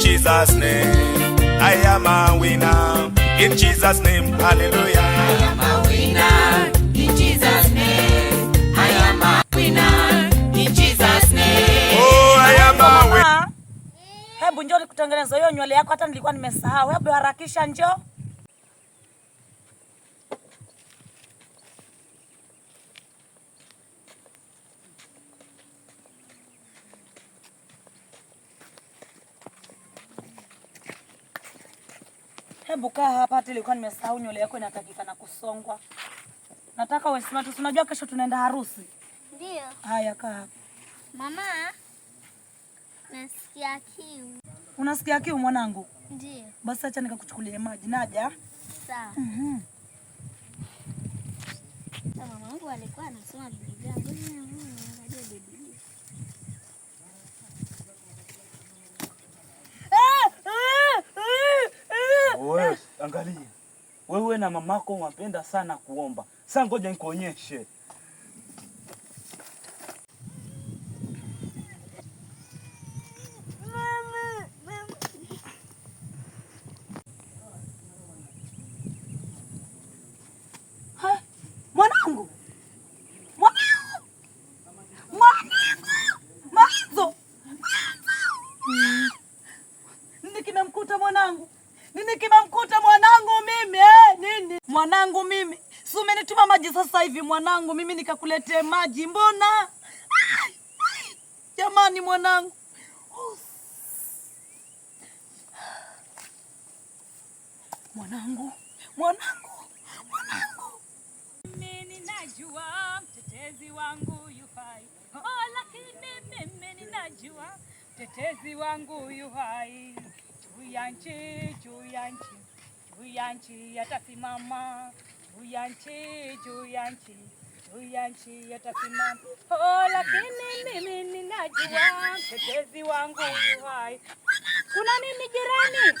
Jesus' name. I am a winner in Jesus' name. Hallelujah. I am a winner in Jesus' name. I am a winner in Jesus' name. Oh, I am a winner. Hebu njoo nikutengeneza hiyo nywele yako, hata nilikuwa nimesahau. Hebu harakisha, njoo. Hebu kaa hapa, hata ilikuwa nimesahau nywele yako inatakikana kusongwa. Nataka usimame tu, unajua kesho tunaenda harusi. Ndio. Haya, kaa hapa. Mama, nasikia kiu. Unasikia kiu mwanangu? Ndio. Basi acha nikakuchukulie maji. Naja. Sawa. Mhm. Mama wangu alikuwa anasoma Biblia. wewe na mamako wapenda sana kuomba. Sasa ngoja nikuonyeshe. Unanituma maji sasa hivi mwanangu, mimi nikakuletee maji? Mbona jamani, mwanangu mwanangu mwanangu mwanangu, mimi ninajua mtetezi wangu yuhai. Oh, lakini mimi ninajua mtetezi wangu yuhai. Juu ya nchi, juu ya nchi, juu ya nchi yatasimama juu ya nchi, juu ya nchi, juu ya nchi yatasimama. Oh, lakini mimi ninajua mtetezi wangu hai. Kuna nini jirani?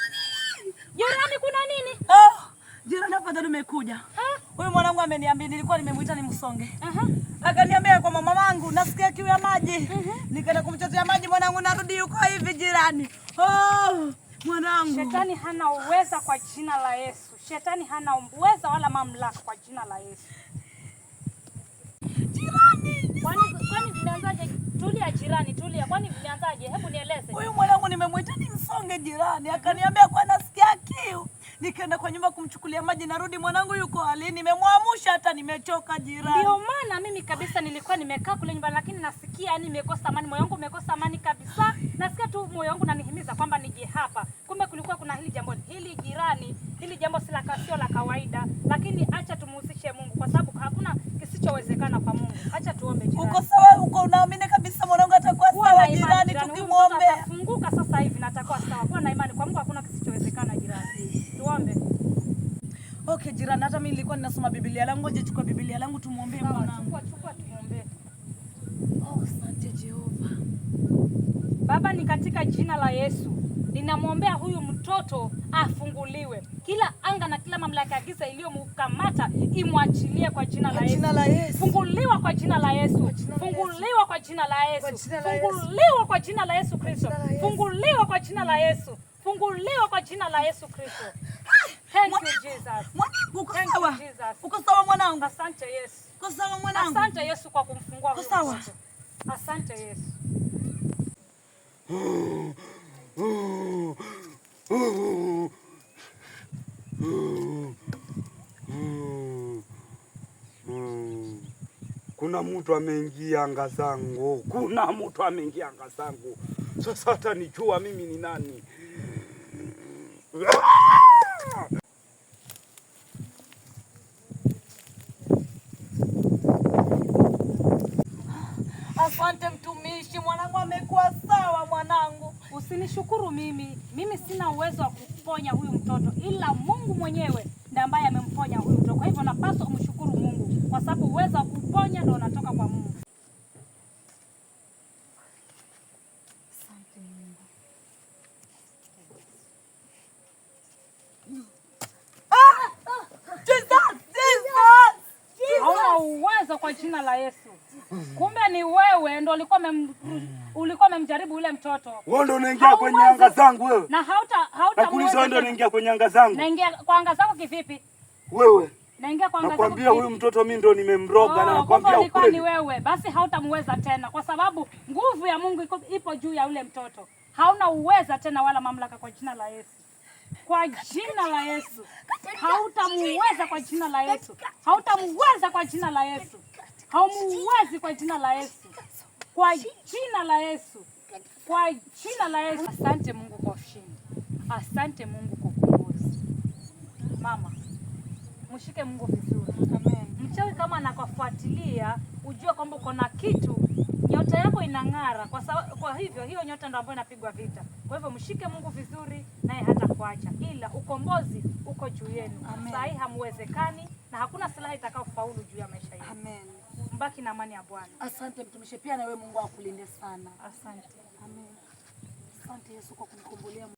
Jirani, kuna nini? Oh, jirani, afadhali umekuja. Huyu mwanangu ameniambia, nilikuwa nimemwita nimsonge. Aha. Akaniambia kwamba mamangu, nasikia kiu ya maji. Uh-huh. Nikaenda kumchotea maji mwanangu, narudi yuko hivi jirani. Oh, mwanangu. Shetani hana uweza kwa jina la Yesu. Shetani hana uwezo wala mamlaka kwa jina la Yesu. Jirani, kwani vilianzaje? Tulia jirani, tulia. Kwani vilianzaje? Hebu nieleze. Huyu mwanangu nimemwita nimsonge jirani, akaniambia kwa nasikia kiu nikaenda kwa nyumba kumchukulia maji, narudi mwanangu yuko hali, nimemwamusha hata nimechoka jirani. Ndio maana mimi kabisa nilikuwa nimekaa kule nyumbani, lakini nasikia yani nimekosa amani, moyo wangu umekosa amani kabisa. Nasikia tu moyo wangu nanihimiza kwamba nije hapa, kumbe kulikuwa kuna hili jambo hili jirani, hili jambo si la kawaida, lakini acha tumuhusishe Mungu kwa sababu hakuna kisichowezekana kwa Mungu. Acha tuombe jirani. Uko sawa, uko unaamini kabisa mwanangu atakuwa sawa jirani, tukimwomba nilikuwa ninasoma Biblia langu, ngoja chukua Biblia langu tumuombe mwanangu. Chukua, tumuombe. Oh, asante Jehova. Baba, ni katika jina la Yesu ninamwombea huyu mtoto afunguliwe, kila anga na kila mamlaka ya giza iliyomkamata imwachilie kwa jina la Yesu. Funguliwa kwa jina la Yesu, funguliwa kwa jina la Yesu, funguliwa kwa jina la Yesu Kristo, funguliwa ah, kwa jina la Yesu, funguliwa kwa jina la Yesu Kristo. Uko sawa mwanangu? Asante Yesu. Uko sawa mwanangu? Asante Yesu kwa kumfungua. Uko sawa? Asante Yesu. Kuna mtu ameingia anga zangu, kuna mtu ameingia anga zangu. Sasa hata nijua mimi ni nani. Asante mtumishi, mwanangu amekuwa sawa. Mwanangu, usinishukuru mimi, mimi sina uwezo wa kuponya huyu mtoto, ila Mungu mwenyewe ndiye ambaye amemponya huyu mtoto. Kwa hivyo napaswa umshukuru Mungu, kwa sababu uwezo wa kuponya ndio unatoka kwa Mungu. uwezo kwa jina la Yesu. Kumbe ni wewe ndo ulikuwa mem, ulikuwa umemjaribu yule mtoto. Wewe ndo unaingia kwenye anga zangu wewe. Na hauta hauta Hakuna wewe ndo unaingia kwenye anga zangu. Naingia kwa anga zangu kivipi? Wewe. Naingia kwa anga zangu. Nakwambia huyu mtoto mimi ndo nimemroga na oh, nakwambia ukweli. Ni wewe. Basi hautamweza tena kwa sababu nguvu ya Mungu ipo juu ya yule mtoto. Hauna uweza tena wala mamlaka kwa jina la Yesu kwa jina la Yesu. Hautamuweza kwa jina la Yesu. Hautamuweza kwa jina la Yesu. Haumuwezi kwa jina la Yesu. Kwa jina la Yesu. Kwa jina la Yesu. Asante Mungu kwa ushindi. Asante Mungu kwa kuongoza. Mama, mshike Mungu vizuri. Amen. Mchawi kama anakufuatilia, ujue kwamba uko na kitu, nyota yako inang'ara. Kwa, kwa hivyo hiyo nyota ndio ambayo inapigwa vita. Kwa hivyo mshike Mungu vizuri naye hata kuacha, ila ukombozi uko juu yenu. Saa hii hamwezekani na hakuna silaha itakayofaulu juu ya maisha yenu. Amen. Mbaki na amani ya Bwana. Asante mtumishi, pia na wewe Mungu akulinde sana. Asante. Amen. Asante Yesu kwa kunikumbulia.